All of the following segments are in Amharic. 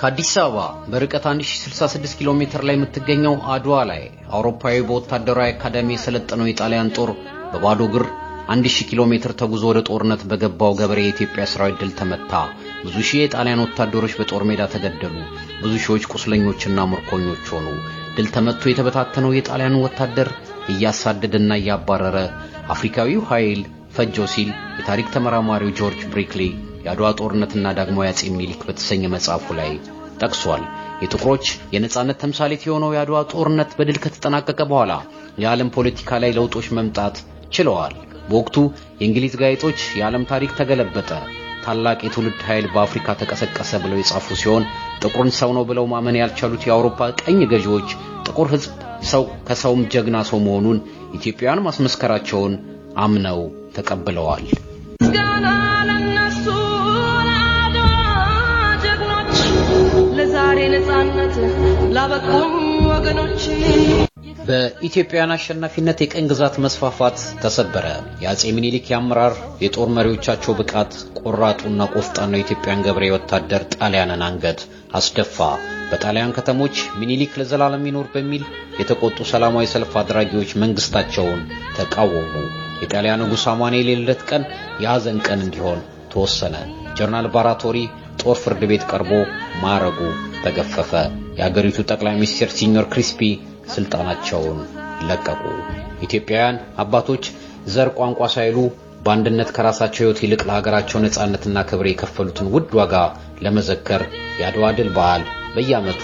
ከአዲስ አበባ በርቀት 1066 ኪሎ ሜትር ላይ የምትገኘው አድዋ ላይ አውሮፓዊ በወታደራዊ አካዳሚ የሰለጠነው የጣሊያን ጦር በባዶ እግር 1000 ኪሎ ሜትር ተጉዞ ወደ ጦርነት በገባው ገበሬ የኢትዮጵያ ሰራዊት ድል ተመታ። ብዙ ሺህ የጣሊያን ወታደሮች በጦር ሜዳ ተገደሉ። ብዙ ሺዎች ቁስለኞችና ምርኮኞች ሆኑ። ድል ተመቶ የተበታተነው የጣሊያኑ ወታደር እያሳደደና እያባረረ አፍሪካዊው ኃይል ፈጀው ሲል የታሪክ ተመራማሪው ጆርጅ ብሪክሊ የአድዋ ጦርነትና ዳግማዊ አጼ ሚኒሊክ በተሰኘ መጽሐፉ ላይ ጠቅሷል። የጥቁሮች የነጻነት ተምሳሌት የሆነው የአድዋ ጦርነት በድል ከተጠናቀቀ በኋላ የዓለም ፖለቲካ ላይ ለውጦች መምጣት ችለዋል። በወቅቱ የእንግሊዝ ጋዜጦች የዓለም ታሪክ ተገለበጠ፣ ታላቅ የትውልድ ኃይል በአፍሪካ ተቀሰቀሰ ብለው የጻፉ ሲሆን ጥቁርን ሰው ነው ብለው ማመን ያልቻሉት የአውሮፓ ቀኝ ገዢዎች ጥቁር ሕዝብ ሰው ከሰውም ጀግና ሰው መሆኑን ኢትዮጵያውያን ማስመስከራቸውን አምነው ተቀብለዋል። በኢትዮጵያውያን አሸናፊነት የቀኝ ግዛት መስፋፋት ተሰበረ። የአጼ ምኒልክ የአመራር የጦር መሪዎቻቸው ብቃት ቆራጡና ቆፍጣናው የኢትዮጵያን ገብሬ ወታደር ጣሊያንን አንገት አስደፋ። በጣሊያን ከተሞች ምኒልክ ለዘላለም ይኖር በሚል የተቆጡ ሰላማዊ ሰልፍ አድራጊዎች መንግስታቸውን ተቃወሙ። የጣሊያን ንጉሥ አማኑኤል የልደት ቀን የሐዘን ቀን እንዲሆን ተወሰነ። ጀነራል ባራቶሪ ጦር ፍርድ ቤት ቀርቦ ማረጉ ተገፈፈ። የሀገሪቱ ጠቅላይ ሚኒስትር ሲኒዮር ክሪስፒ ስልጣናቸውን ለቀቁ። ኢትዮጵያውያን አባቶች ዘር፣ ቋንቋ ሳይሉ በአንድነት ከራሳቸው ሕይወት ይልቅ ለሀገራቸው ነጻነትና ክብር የከፈሉትን ውድ ዋጋ ለመዘከር የአድዋ ድል በዓል በየዓመቱ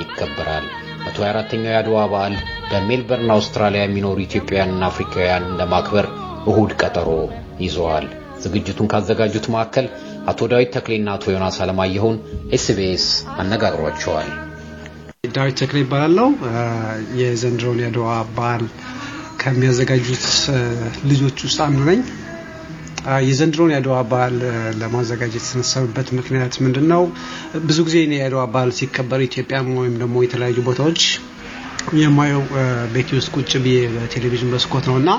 ይከበራል። 124ኛው የአድዋ በዓል በሜልበርን አውስትራሊያ የሚኖሩ ኢትዮጵያውያንና አፍሪካውያን ለማክበር እሁድ ቀጠሮ ይዘዋል። ዝግጅቱን ካዘጋጁት መካከል አቶ ዳዊት ተክሌና አቶ ዮናስ አለማየሁን ኤስቢኤስ አነጋግሯቸዋል። ዳዊት ተክሌ ይባላለው። የዘንድሮን የአድዋ በዓል ከሚያዘጋጁት ልጆች ውስጥ አንዱ ነኝ። የዘንድሮን የአድዋ በዓል ለማዘጋጀት የተሰነሰበበት ምክንያት ምንድን ነው? ብዙ ጊዜ የአድዋ በዓል ሲከበር ኢትዮጵያ ወይም ደግሞ የተለያዩ ቦታዎች የማየው ቤት ውስጥ ቁጭ ብዬ በቴሌቪዥን መስኮት ነው እና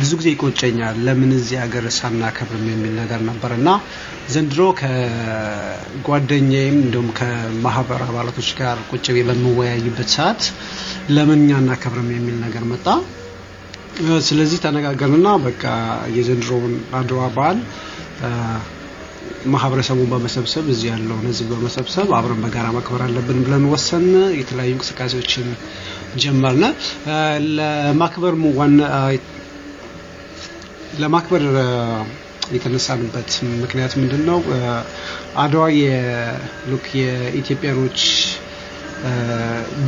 ብዙ ጊዜ ይቆጨኛል፣ ለምን እዚህ ሀገር ሳናከብርም የሚል ነገር ነበር እና ዘንድሮ ከጓደኛዬም እንዲሁም ከማህበር አባላቶች ጋር ቁጭ ብዬ በምወያይበት ሰዓት ለምን እኛ እናከብርም የሚል ነገር መጣ። ስለዚህ ተነጋገርንና በቃ የዘንድሮውን አድዋ በዓል ማህበረሰቡን በመሰብሰብ እዚህ ያለውን ህዝብ በመሰብሰብ አብረን በጋራ ማክበር አለብን ብለን ወሰን የተለያዩ እንቅስቃሴዎችን ጀመርና ለማክበር ዋና ለማክበር የተነሳንበት ምክንያት ምንድን ነው? አድዋ የሉክ የኢትዮጵያኖች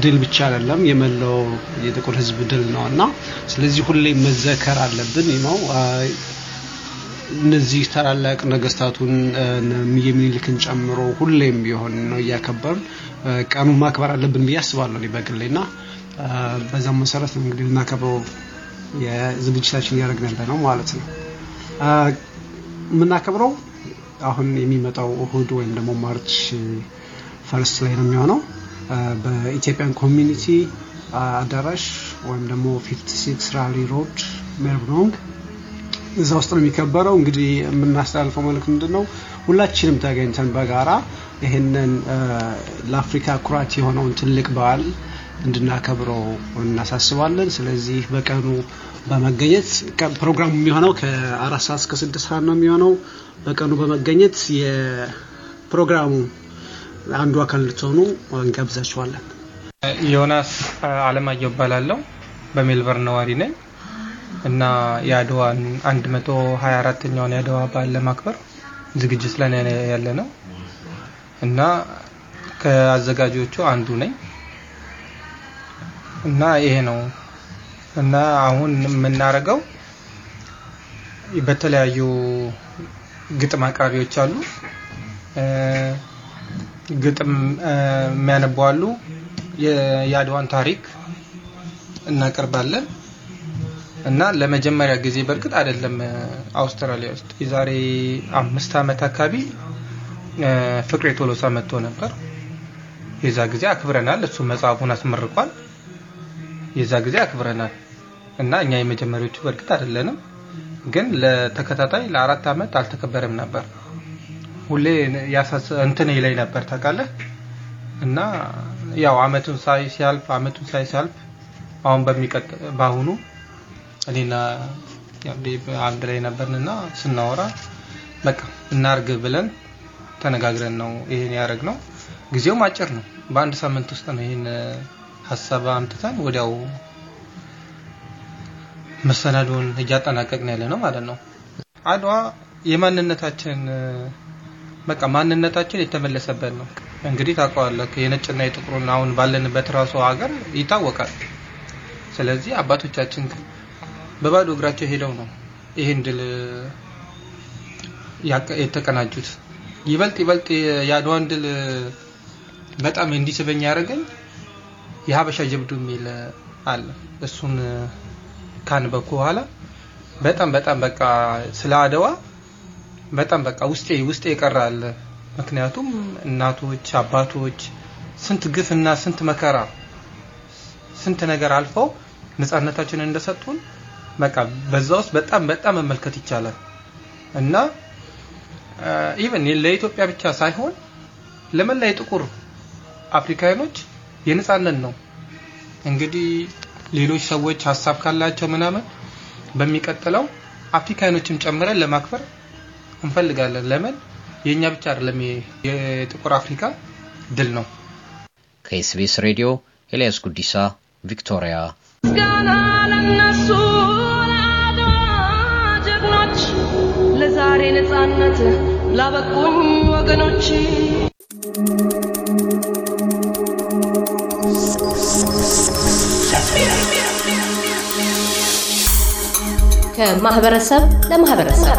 ድል ብቻ አይደለም፣ የመላው የጥቁር ህዝብ ድል ነው እና ስለዚህ ሁሌ መዘከር አለብን ነው እነዚህ ታላላቅ ነገስታቱን የሚኒልክን ጨምሮ ሁሌም ቢሆን ነው እያከበርን ቀኑ ማክበር አለብን ብዬ አስባለሁ እኔ በግሌ እና በዛም መሰረት ነው እንግዲህ ልናከብረው የዝግጅታችን እያደረግን ያለ ነው ማለት ነው። የምናከብረው አሁን የሚመጣው እሁድ ወይም ደግሞ ማርች ፈርስት ላይ ነው የሚሆነው በኢትዮጵያን ኮሚኒቲ አዳራሽ ወይም ደግሞ ፊፍቲ ሲክስ ራሊ ሮድ ሜርብሮንግ እዛ ውስጥ ነው የሚከበረው። እንግዲህ የምናስተላልፈው መልእክት ምንድን ነው? ሁላችንም ተገኝተን በጋራ ይህንን ለአፍሪካ ኩራት የሆነውን ትልቅ በዓል እንድናከብረው እናሳስባለን። ስለዚህ በቀኑ በመገኘት ፕሮግራሙ የሚሆነው ከአራት ሰዓት እስከ ስድስት ሰዓት ነው የሚሆነው። በቀኑ በመገኘት የፕሮግራሙ አንዱ አካል እንድትሆኑ እንጋብዛችኋለን። ዮናስ አለማየሁ እባላለሁ። በሜልበርን ነዋሪ ነኝ። እና የአድዋን 124ኛውን የአድዋ በዓል ለማክበር ዝግጅት ላይ ያለ ነው እና ከአዘጋጆቹ አንዱ ነኝ እና ይሄ ነው እና አሁን የምናደርገው በተለያዩ ግጥም አቅራቢዎች አሉ። ግጥም የሚያነቡ አሉ። የአድዋን ታሪክ እናቀርባለን። እና ለመጀመሪያ ጊዜ በእርግጥ አይደለም አውስትራሊያ ውስጥ የዛሬ አምስት ዓመት አካባቢ ፍቅሬ ቶሎሳ መጥቶ ነበር። የዛ ጊዜ አክብረናል። እሱ መጽሐፉን አስመርቋል። የዛ ጊዜ አክብረናል እና እኛ የመጀመሪያዎቹ በእርግጥ አይደለንም፣ ግን ለተከታታይ ለአራት ዓመት አልተከበረም ነበር። ሁሌ እንትን ላይ ነበር ታውቃለህ። እና ያው አመቱን ሳይ ሲያልፍ አመቱን ሳይ ሲያልፍ አሁን በሚቀጥ በአሁኑ እኔና አንድ ላይ እና ስናወራ በቃ እናርግ ብለን ተነጋግረን ነው ይሄን ያደረግ ነው። ጊዜውም አጭር ነው። በአንድ ሳምንት ውስጥ ነው ይሄን ሀሳብ አምጥተን ወዲያው መሰናዶን እያጠናቀቅን ያለ ነው ማለት ነው። አድዋ የማንነታችን በቃ ማንነታችን የተመለሰበት ነው። እንግዲህ ታውቀዋለህ፣ የነጭና የጥቁሩን አሁን ባለንበት ራሱ ሀገር ይታወቃል። ስለዚህ አባቶቻችን በባዶ እግራቸው ሄደው ነው ይሄን ድል የተቀናጁት። ይበልጥ ይበልጥ የአድዋን ድል በጣም እንዲስበኝ ያደረገኝ የሀበሻ ጀብዱ የሚል አለ። እሱን ካነበኩ በኋላ በጣም በጣም በቃ ስለ አድዋ በጣም በቃ ውስጤ ውስጤ ይቀራል። ምክንያቱም እናቶች፣ አባቶች ስንት ግፍ እና ስንት መከራ ስንት ነገር አልፈው ነፃነታችንን እንደሰጡን በቃ በዛ ውስጥ በጣም በጣም መመልከት ይቻላል እና ኢቨን ለኢትዮጵያ ብቻ ሳይሆን ለመላ የጥቁር አፍሪካኖች የነጻነት ነው እንግዲህ ሌሎች ሰዎች ሀሳብ ካላቸው ምናምን በሚቀጥለው አፍሪካኖችም ጨምረን ለማክበር እንፈልጋለን። ለምን የኛ ብቻ አይደለም፣ የጥቁር አፍሪካ ድል ነው። ከኤስቢኤስ ሬዲዮ ኤልያስ ጉዲሳ ቪክቶሪያ ነጻነት ላበቁኝ ወገኖች ከማህበረሰብ ለማህበረሰብ